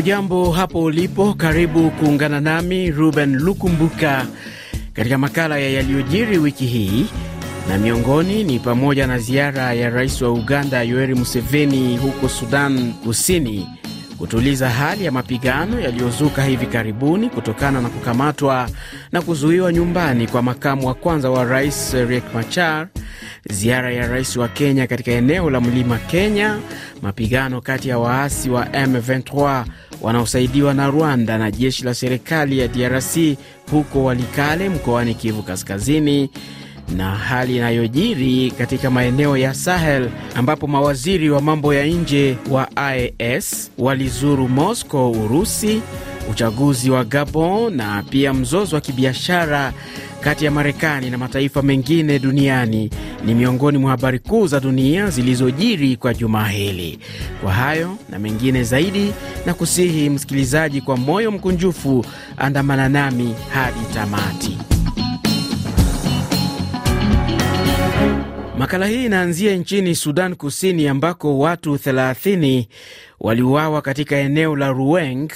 Hujambo hapo ulipo, karibu kuungana nami Ruben Lukumbuka katika makala ya yaliyojiri wiki hii, na miongoni ni pamoja na ziara ya rais wa Uganda Yoweri Museveni huko Sudan Kusini kutuliza hali ya mapigano yaliyozuka hivi karibuni kutokana na kukamatwa na kuzuiwa nyumbani kwa makamu wa kwanza wa rais Riek Machar, ziara ya rais wa Kenya katika eneo la mlima Kenya, mapigano kati ya waasi wa M23 wanaosaidiwa na Rwanda na jeshi la serikali ya DRC huko Walikale mkoani Kivu Kaskazini na hali inayojiri katika maeneo ya Sahel ambapo mawaziri wa mambo ya nje wa IAS walizuru Moscow, Urusi uchaguzi wa Gabon na pia mzozo wa kibiashara kati ya Marekani na mataifa mengine duniani ni miongoni mwa habari kuu za dunia zilizojiri kwa jumaa hili. Kwa hayo na mengine zaidi, na kusihi msikilizaji, kwa moyo mkunjufu andamana nami hadi tamati. Makala hii inaanzia nchini Sudan Kusini ambako watu 30 waliuawa katika eneo la rueng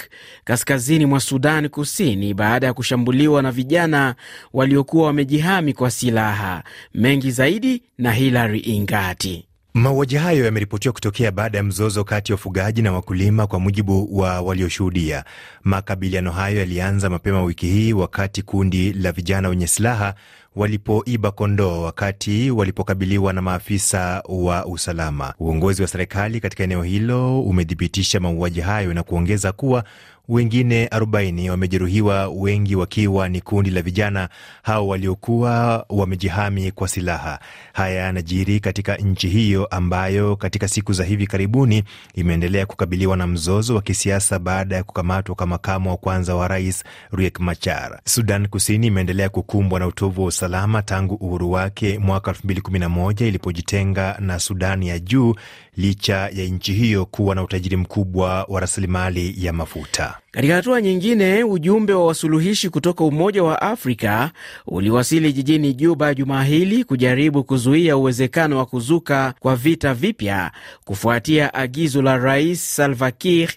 kaskazini mwa Sudan Kusini baada ya kushambuliwa na vijana waliokuwa wamejihami kwa silaha. Mengi zaidi na Hilary Ingati. Mauaji hayo yameripotiwa kutokea baada ya mzozo kati ya wafugaji na wakulima, kwa mujibu wa walioshuhudia. Makabiliano hayo yalianza mapema wiki hii wakati kundi la vijana wenye silaha walipoiba kondoo wakati walipokabiliwa na maafisa wa usalama. Uongozi wa serikali katika eneo hilo umethibitisha mauaji hayo na kuongeza kuwa wengine 40 wamejeruhiwa, wengi wakiwa ni kundi la vijana hao waliokuwa wamejihami kwa silaha. Haya yanajiri katika nchi hiyo ambayo katika siku za hivi karibuni imeendelea kukabiliwa na mzozo wa kisiasa baada ya kukamatwa kwa makamu wa kwanza wa rais Riek Machar. Sudan Kusini imeendelea kukumbwa na utovu wa usalama tangu uhuru wake mwaka 2011 ilipojitenga na Sudani ya Juu, licha ya nchi hiyo kuwa na utajiri mkubwa wa rasilimali ya mafuta. Katika hatua nyingine, ujumbe wa wasuluhishi kutoka Umoja wa Afrika uliwasili jijini Juba jumaa hili kujaribu kuzuia uwezekano wa kuzuka kwa vita vipya kufuatia agizo la Rais Salva Kiir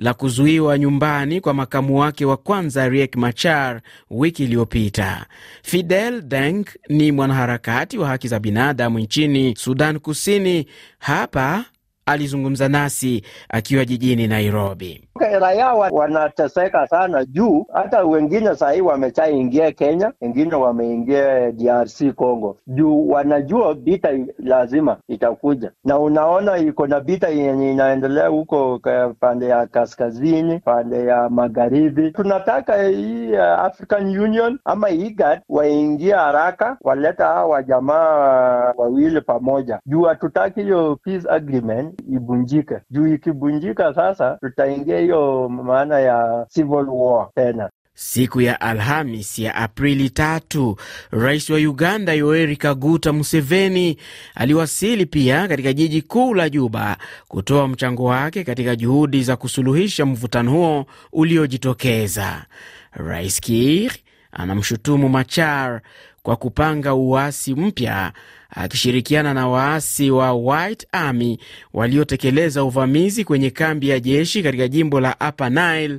la kuzuiwa nyumbani kwa makamu wake wa kwanza Riek Machar wiki iliyopita. Fidel Deng ni mwanaharakati wa haki za binadamu nchini Sudan Kusini. Hapa alizungumza nasi akiwa jijini Nairobi raia wanateseka sana juu hata wengine sahii wameshaingia Kenya, wengine wameingia DRC Congo juu wanajua vita lazima itakuja, na unaona iko na vita yenye inaendelea huko pande ya kaskazini, pande ya magharibi. Tunataka hii eh, African Union ama IGAD waingia haraka, waleta hawa jamaa eh, wawili pamoja juu hatutaki hiyo peace agreement ibunjike, juu ikibunjika sasa tutaingia ndiyo maana ya civil war tena. Siku ya Alhamis ya Aprili tatu, rais wa Uganda Yoweri Kaguta Museveni aliwasili pia katika jiji kuu la Juba kutoa mchango wake katika juhudi za kusuluhisha mvutano huo uliojitokeza. Rais Kiir anamshutumu Machar kwa kupanga uasi mpya akishirikiana na waasi wa White Army waliotekeleza uvamizi kwenye kambi ya jeshi katika jimbo la Upper Nile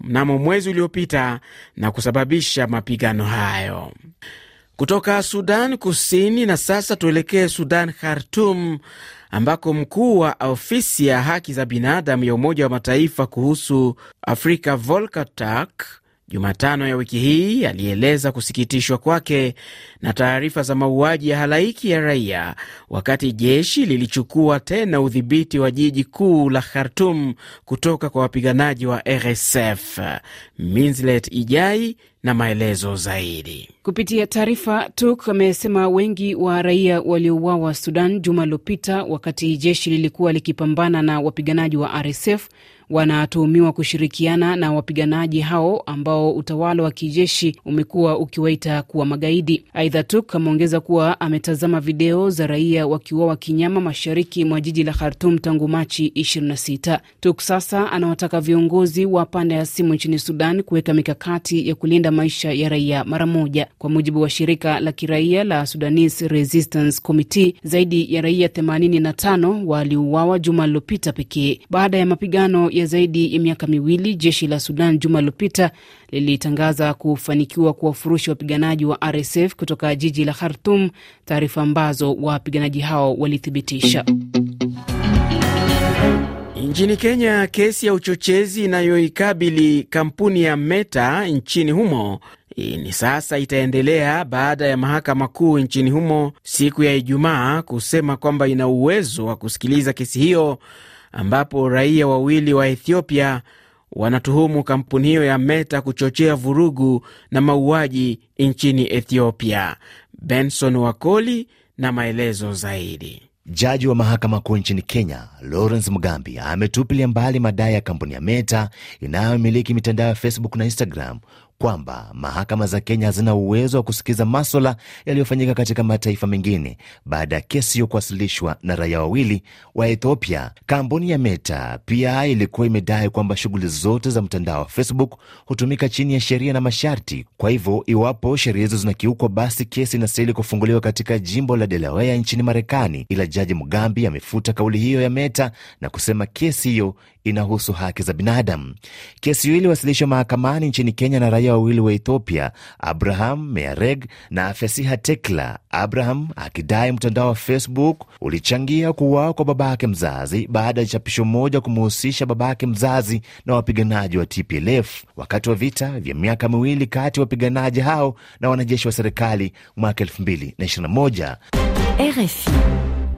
mnamo mwezi uliopita na kusababisha mapigano hayo. Kutoka Sudan Kusini na sasa tuelekee Sudan Khartum, ambako mkuu wa ofisi ya haki za binadamu ya Umoja wa Mataifa kuhusu Afrika Volker Turk Jumatano ya wiki hii alieleza kusikitishwa kwake na taarifa za mauaji ya halaiki ya raia wakati jeshi lilichukua tena udhibiti wa jiji kuu la Khartum kutoka kwa wapiganaji wa RSF. Minslet Ijai na maelezo zaidi. Kupitia taarifa, Tuk amesema wengi wa raia waliouawa Sudan juma lililopita, wakati jeshi lilikuwa likipambana na wapiganaji wa RSF wanatuhumiwa kushirikiana na wapiganaji hao ambao utawala wa kijeshi umekuwa ukiwaita kuwa magaidi. Aidha, Tuk ameongeza kuwa ametazama video za raia wakiuawa kinyama mashariki mwa jiji la Khartum tangu Machi 26. Tuk sasa anawataka viongozi wa pande ya simu nchini Sudan kuweka mikakati ya kulinda maisha ya raia mara moja. Kwa mujibu wa shirika la kiraia la Sudanese Resistance Committee, zaidi ya raia 85 waliuawa juma lililopita pekee baada ya mapigano ya ya zaidi ya miaka miwili, jeshi la Sudan juma lilopita lilitangaza kufanikiwa kuwafurusha wapiganaji wa RSF kutoka jiji la Khartum, taarifa ambazo wapiganaji hao walithibitisha. Nchini Kenya, kesi ya uchochezi inayoikabili kampuni ya Meta nchini humo ni sasa itaendelea baada ya mahakama kuu nchini humo siku ya Ijumaa kusema kwamba ina uwezo wa kusikiliza kesi hiyo ambapo raia wawili wa Ethiopia wanatuhumu kampuni hiyo ya Meta kuchochea vurugu na mauaji nchini Ethiopia. Benson Wakoli na maelezo zaidi. Jaji wa mahakama kuu nchini Kenya Lawrence Mugambi ametupilia mbali madai ya kampuni ya Meta inayomiliki mitandao ya Facebook na Instagram kwamba mahakama za Kenya hazina uwezo wa kusikiza maswala yaliyofanyika katika mataifa mengine baada ya kesi hiyo kuwasilishwa na raia wawili wa Ethiopia. Kampuni ya Meta pia ilikuwa imedai kwamba shughuli zote za mtandao wa Facebook hutumika chini ya sheria na masharti. Kwa hivyo, iwapo sheria hizo zinakiukwa, basi kesi inastahili kufunguliwa katika jimbo la Delaware nchini Marekani. Ila Jaji Mugambi amefuta kauli hiyo ya Meta na kusema kesi hiyo inahusu haki za binadamu. Kesi hiyo iliwasilishwa mahakamani nchini Kenya na raia maharamia wawili wa Ethiopia Abraham Meareg na Fesiha Tekla. Abraham akidai mtandao wa Facebook ulichangia kuuawa kwa babake mzazi baada ya chapisho moja kumhusisha babake mzazi na wapiganaji wa TPLF wakati wa vita vya miaka miwili kati ya wapiganaji hao na wanajeshi wa serikali mwaka 2021.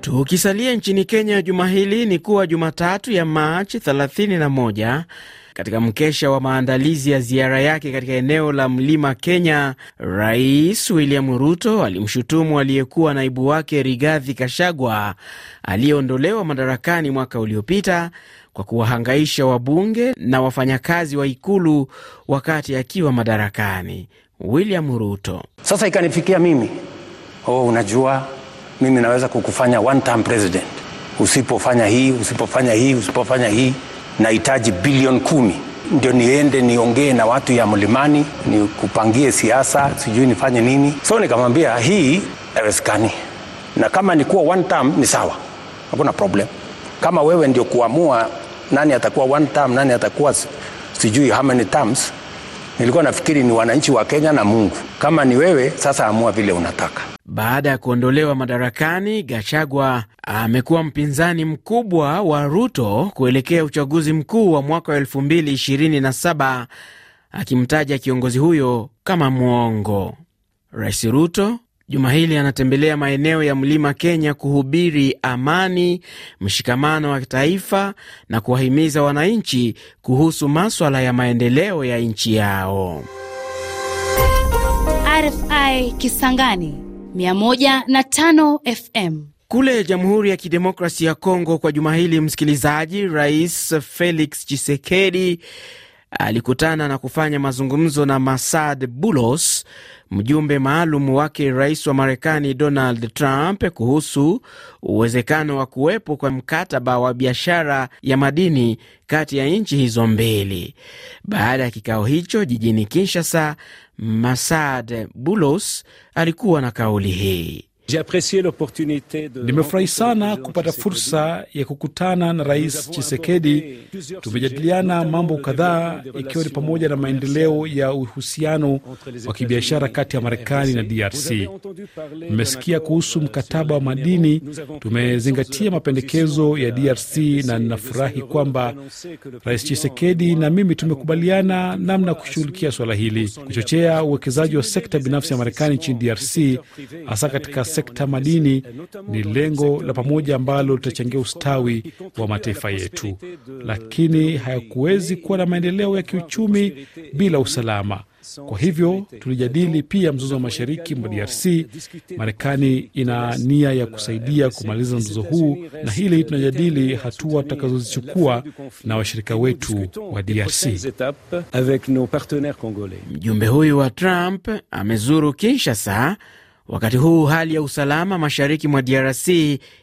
Tukisalia nchini Kenya juma hili ni kuwa Jumatatu ya Machi 31 katika mkesha wa maandalizi ya ziara yake katika eneo la mlima Kenya, Rais William Ruto alimshutumu aliyekuwa naibu wake Rigathi Kashagwa aliyeondolewa madarakani mwaka uliopita kwa kuwahangaisha wabunge na wafanyakazi wa ikulu wakati akiwa madarakani. William Ruto: sasa ikanifikia mimi, oh, unajua mimi naweza kukufanya one term president usipofanya hii, usipofanya hii, usipofanya hii nahitaji bilioni kumi ndio niende niongee na watu ya mlimani, nikupangie siasa, sijui nifanye nini. So nikamwambia hii awezekani na kama nikuwa one term ni sawa, hakuna problem. Kama wewe ndio kuamua nani atakuwa one term, nani atakuwa sijui how many terms Nilikuwa nafikiri ni wananchi wa Kenya na Mungu. Kama ni wewe, sasa amua vile unataka. Baada ya kuondolewa madarakani, Gachagua amekuwa mpinzani mkubwa wa Ruto kuelekea uchaguzi mkuu wa mwaka wa 2027 akimtaja kiongozi huyo kama mwongo. Rais Ruto juma hili anatembelea maeneo ya mlima Kenya kuhubiri amani, mshikamano wa taifa na kuwahimiza wananchi kuhusu maswala ya maendeleo ya nchi yao. RFI Kisangani 105 FM kule Jamhuri ya Kidemokrasi ya Kongo kwa juma hili, msikilizaji, Rais Felix Tshisekedi alikutana na kufanya mazungumzo na Masad Bulos, mjumbe maalum wake rais wa Marekani Donald Trump kuhusu uwezekano wa kuwepo kwa mkataba wa biashara ya madini kati ya nchi hizo mbili. Baada ya kikao hicho jijini Kinshasa, Masad Bulos alikuwa na kauli hii. Nimefurahi sana kupata fursa ya kukutana na Rais chisekedi Tumejadiliana mambo kadhaa, ikiwa ni pamoja na maendeleo ya uhusiano wa kibiashara kati ya Marekani na DRC. Nimesikia kuhusu euh, mkataba wa madini, tumezingatia mapendekezo ya DRC na ninafurahi kwamba Rais chisekedi na mimi tumekubaliana namna ya kushughulikia swala hili, kuchochea uwekezaji wa sekta binafsi ya Marekani nchini DRC, hasa katika sekta madini ni lengo la pamoja ambalo litachangia ustawi wa mataifa yetu, lakini hayakuwezi kuwa na maendeleo ya kiuchumi bila usalama. Kwa hivyo tulijadili pia mzozo wa mashariki mwa DRC. Marekani ina nia ya kusaidia kumaliza mzozo huu, na hili tunajadili hatua tutakazozichukua na washirika wetu wa DRC. Mjumbe huyu wa Trump amezuru Kinshasa Wakati huu hali ya usalama mashariki mwa DRC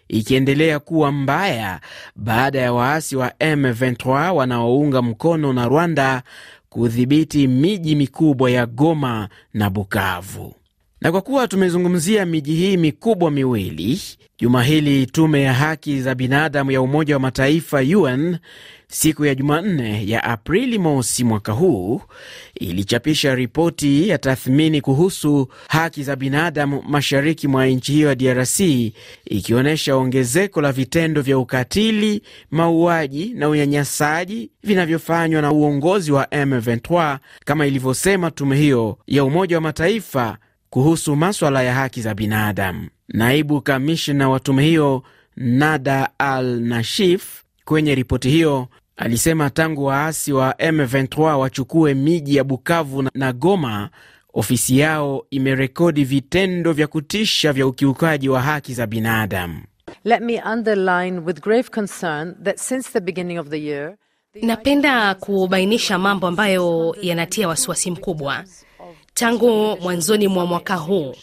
ikiendelea kuwa mbaya baada ya waasi wa M23 wanaounga mkono na Rwanda kudhibiti miji mikubwa ya Goma na Bukavu. Na kwa kuwa tumezungumzia miji hii mikubwa miwili, juma hili tume ya haki za binadamu ya Umoja wa Mataifa UN siku ya Jumanne ya Aprili mosi mwaka huu ilichapisha ripoti ya tathmini kuhusu haki za binadamu mashariki mwa nchi hiyo ya DRC ikionyesha ongezeko la vitendo vya ukatili, mauaji na unyanyasaji vinavyofanywa na uongozi wa M23 kama ilivyosema tume hiyo ya Umoja wa Mataifa kuhusu maswala ya haki za binadamu. Naibu kamishna wa tume hiyo Nada Al Nashif kwenye ripoti hiyo alisema tangu waasi wa M23 wachukue miji ya Bukavu na Goma, ofisi yao imerekodi vitendo vya kutisha vya ukiukaji wa haki za binadamu. Let me underline with grave concern that since the beginning of the year Napenda kubainisha mambo ambayo yanatia wasiwasi mkubwa. Tangu mwanzoni mwa mwaka huu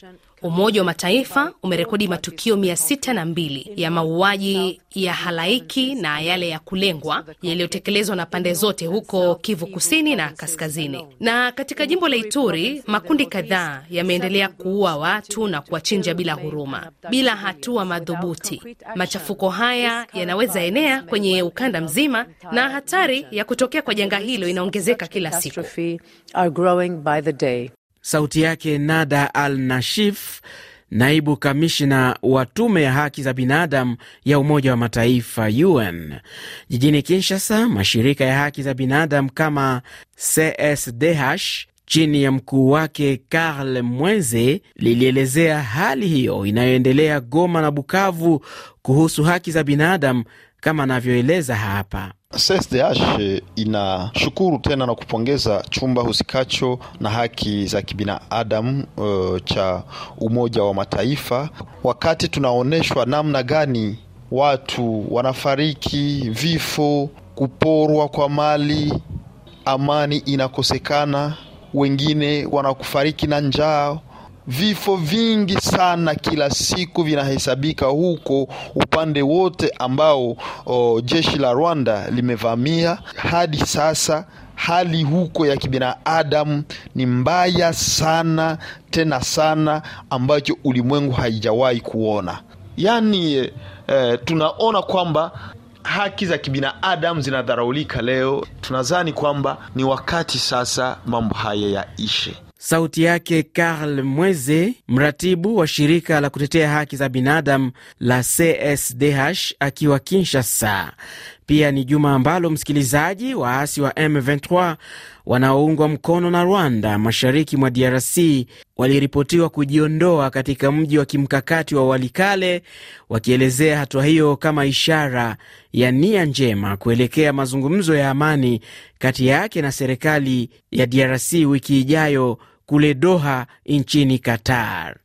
Umoja wa Mataifa umerekodi matukio 62 ya mauaji ya halaiki na yale ya kulengwa yaliyotekelezwa na pande zote huko Kivu Kusini na Kaskazini. Na katika jimbo la Ituri, makundi kadhaa yameendelea kuua watu na kuwachinja bila huruma, bila hatua madhubuti. Machafuko haya yanaweza enea kwenye ukanda mzima na hatari ya kutokea kwa janga hilo inaongezeka kila siku. Sauti yake Nada Al Nashif, naibu kamishna wa tume ya haki za binadamu ya Umoja wa Mataifa, UN. Jijini Kinshasa, mashirika ya haki za binadamu kama CSDH chini ya mkuu wake Karl Mwenze lilielezea hali hiyo inayoendelea Goma na Bukavu kuhusu haki za binadamu kama anavyoeleza hapa. CSDH eh, inashukuru tena na kupongeza chumba husikacho na haki za kibinadamu uh, cha Umoja wa Mataifa wakati tunaonyeshwa namna gani watu wanafariki, vifo, kuporwa kwa mali, amani inakosekana, wengine wanakufariki na njaa, Vifo vingi sana kila siku vinahesabika huko upande wote ambao o, jeshi la Rwanda limevamia hadi sasa. Hali huko ya kibinadamu ni mbaya sana tena sana, ambacho ulimwengu haijawahi kuona. Yaani e, tunaona kwamba haki za kibinadamu zinadharaulika leo. tunazani kwamba ni wakati sasa mambo haya yaishe. Sauti yake Karl Mweze, mratibu wa shirika la kutetea haki za binadamu la CSDH akiwa Kinshasa. Pia ni juma ambalo msikilizaji, waasi wa M23 wanaoungwa mkono na Rwanda mashariki mwa DRC waliripotiwa kujiondoa katika mji wa kimkakati wa Walikale, wakielezea hatua hiyo kama ishara ya nia njema kuelekea mazungumzo ya amani kati yake na serikali ya DRC wiki ijayo kule Doha nchini Qatar.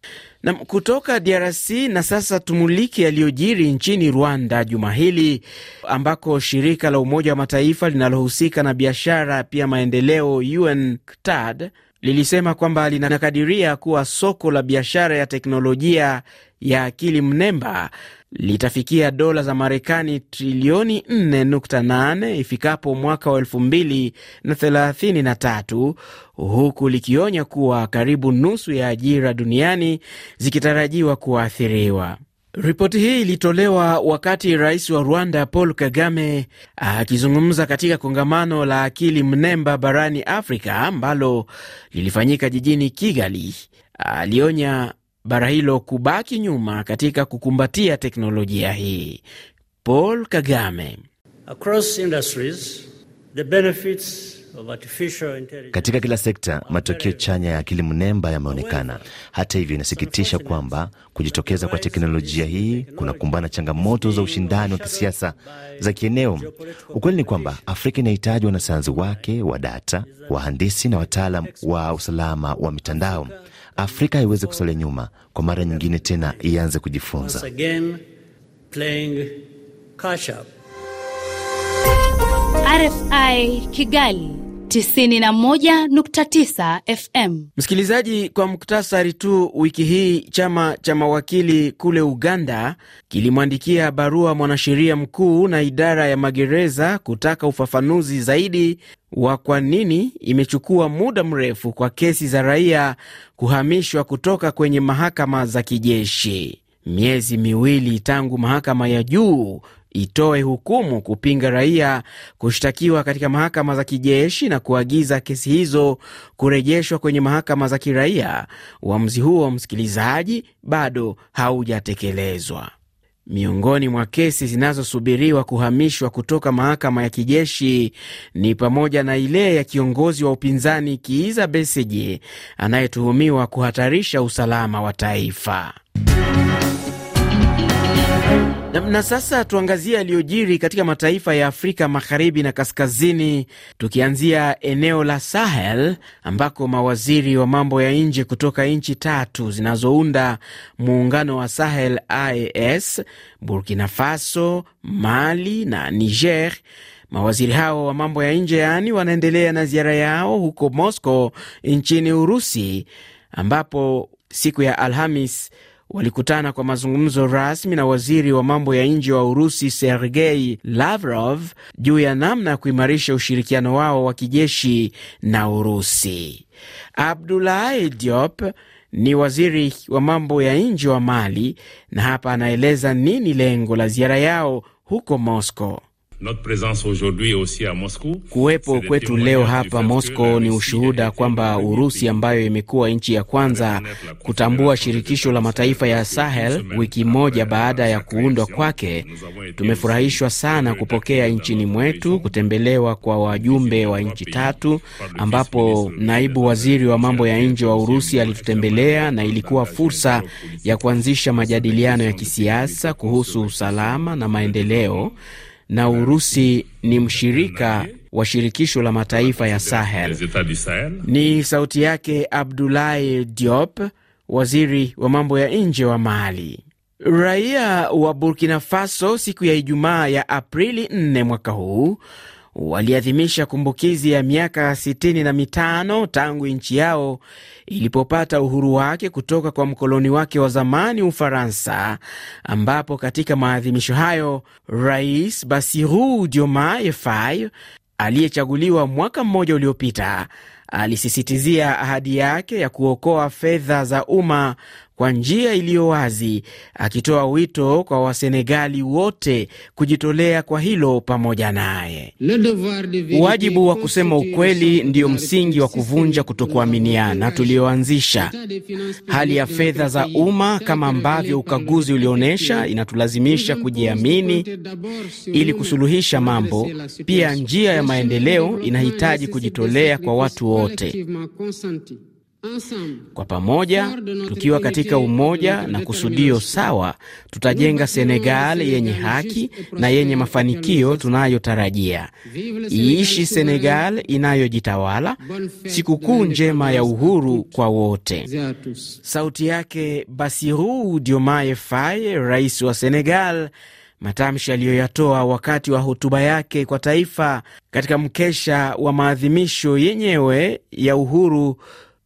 Nam kutoka DRC na sasa tumulike yaliyojiri nchini Rwanda juma hili ambako shirika la Umoja wa Mataifa linalohusika na biashara pia maendeleo UNCTAD lilisema kwamba linakadiria kuwa soko la biashara ya teknolojia ya akili mnemba litafikia dola za Marekani trilioni 4.8 ifikapo mwaka wa 2033 huku likionya kuwa karibu nusu ya ajira duniani zikitarajiwa kuathiriwa. Ripoti hii ilitolewa wakati rais wa Rwanda Paul Kagame akizungumza katika kongamano la akili mnemba barani Afrika ambalo lilifanyika jijini Kigali. Alionya bara hilo kubaki nyuma katika kukumbatia teknolojia hii. Paul Kagame: Across industries, the benefits katika kila sekta, matokeo chanya ya akili mnemba yameonekana. Hata hivyo, inasikitisha kwamba kujitokeza kwa teknolojia hii kunakumbana changamoto za ushindani wa kisiasa za kieneo. Ukweli ni kwamba Afrika inahitaji wanasayansi wake wa data, wahandisi na wataalam wa usalama wa mitandao. Afrika haiwezi kusalia nyuma, kwa mara nyingine tena ianze kujifunza. RFI Kigali 91.9 FM. Msikilizaji, kwa muktasari tu, wiki hii chama cha mawakili kule Uganda kilimwandikia barua mwanasheria mkuu na idara ya magereza kutaka ufafanuzi zaidi wa kwa nini imechukua muda mrefu kwa kesi za raia kuhamishwa kutoka kwenye mahakama za kijeshi. Miezi miwili tangu mahakama ya juu itoe hukumu kupinga raia kushtakiwa katika mahakama za kijeshi na kuagiza kesi hizo kurejeshwa kwenye mahakama za kiraia. Uamuzi huo, msikilizaji, bado haujatekelezwa. Miongoni mwa kesi zinazosubiriwa kuhamishwa kutoka mahakama ya kijeshi ni pamoja na ile ya kiongozi wa upinzani Kiiza Besigye anayetuhumiwa kuhatarisha usalama wa taifa. Na, na sasa tuangazie yaliyojiri katika mataifa ya Afrika magharibi na kaskazini, tukianzia eneo la Sahel ambako mawaziri wa mambo ya nje kutoka nchi tatu zinazounda muungano wa Sahel IAS, Burkina Faso, Mali na Niger Mawaziri hao wa mambo ya nje yaani, wanaendelea na ziara yao huko Moscow nchini Urusi, ambapo siku ya Alhamis walikutana kwa mazungumzo rasmi na waziri wa mambo ya nje wa Urusi Sergei Lavrov juu ya namna ya kuimarisha ushirikiano wao wa kijeshi na Urusi. Abdoulaye Diop ni waziri wa mambo ya nje wa Mali na hapa anaeleza nini lengo la ziara yao huko Moscow. Kuwepo kwetu leo hapa Moscow ni ushuhuda kwamba Urusi ambayo imekuwa nchi ya kwanza kutambua shirikisho la mataifa ya Sahel wiki moja baada ya kuundwa kwake, tumefurahishwa sana kupokea nchini mwetu kutembelewa kwa wajumbe wa nchi tatu, ambapo naibu waziri wa mambo ya nje wa Urusi alitutembelea na ilikuwa fursa ya kuanzisha majadiliano ya kisiasa kuhusu usalama na maendeleo na Urusi ni mshirika wa shirikisho la mataifa ya Sahel. Ni sauti yake Abdoulaye Diop, waziri wa mambo ya nje wa Mali. Raia wa Burkina Faso siku ya Ijumaa ya Aprili 4 mwaka huu waliadhimisha kumbukizi ya miaka 65 na mitano tangu nchi yao ilipopata uhuru wake kutoka kwa mkoloni wake wa zamani Ufaransa, ambapo katika maadhimisho hayo Rais Bassirou Diomaye Faye aliyechaguliwa mwaka mmoja uliopita alisisitizia ahadi yake ya kuokoa fedha za umma kwa njia iliyo wazi, akitoa wito kwa Wasenegali wote kujitolea kwa hilo pamoja naye. Wajibu wa kusema ukweli ndiyo msingi wa kuvunja kutokuaminiana tulioanzisha. Hali ya fedha za umma kama ambavyo ukaguzi ulionyesha, inatulazimisha kujiamini ili kusuluhisha mambo. Pia njia ya maendeleo inahitaji kujitolea kwa watu wote. Kwa pamoja tukiwa katika umoja na kusudio sawa, tutajenga Senegal yenye haki na yenye mafanikio tunayotarajia. Iishi Senegal inayojitawala! Sikukuu njema ya uhuru kwa wote. Sauti yake Bassirou Diomaye Faye, rais wa Senegal, matamshi aliyoyatoa wakati wa hotuba yake kwa taifa katika mkesha wa maadhimisho yenyewe ya uhuru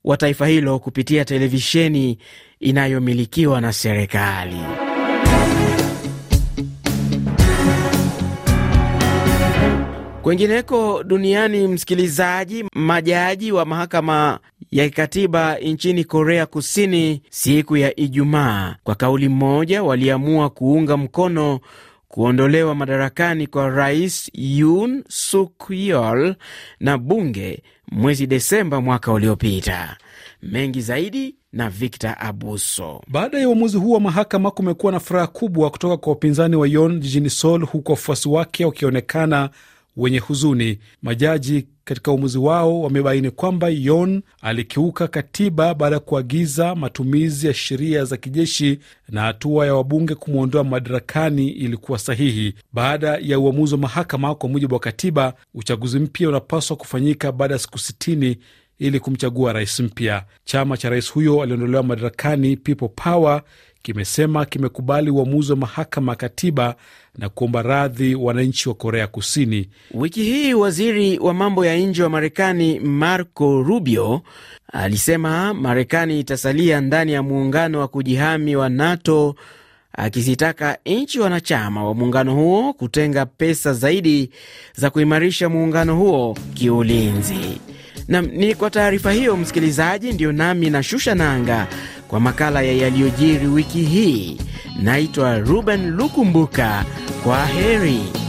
wa taifa hilo kupitia televisheni inayomilikiwa na serikali. Kwengineko duniani, msikilizaji, majaji wa mahakama ya kikatiba nchini Korea Kusini siku ya Ijumaa kwa kauli moja waliamua kuunga mkono kuondolewa madarakani kwa rais Yoon Suk Yeol na bunge mwezi Desemba mwaka uliopita. Mengi zaidi na Victor Abuso. Baada ya uamuzi huu wa mahakama, kumekuwa na furaha kubwa kutoka kwa upinzani wa Yon jijini Seoul, huku wafuasi wake wakionekana wenye huzuni. Majaji katika uamuzi wao wamebaini kwamba Yon alikiuka katiba baada ya kuagiza matumizi ya sheria za kijeshi na hatua ya wabunge kumwondoa madarakani ilikuwa sahihi. Baada ya uamuzi wa mahakama, kwa mujibu wa katiba, uchaguzi mpya unapaswa kufanyika baada ya siku sitini ili kumchagua rais mpya. Chama cha rais huyo aliondolewa madarakani People Power kimesema kimekubali uamuzi wa mahakama ya katiba na kuomba radhi wananchi wa Korea Kusini. Wiki hii waziri wa mambo ya nje wa Marekani Marco Rubio alisema Marekani itasalia ndani ya muungano wa kujihami wa NATO, akizitaka nchi wanachama wa muungano huo kutenga pesa zaidi za kuimarisha muungano huo kiulinzi. Nam ni kwa taarifa hiyo, msikilizaji, ndiyo nami na shusha nanga kwa makala ya yaliyojiri wiki hii. Naitwa Ruben Lukumbuka, kwa heri.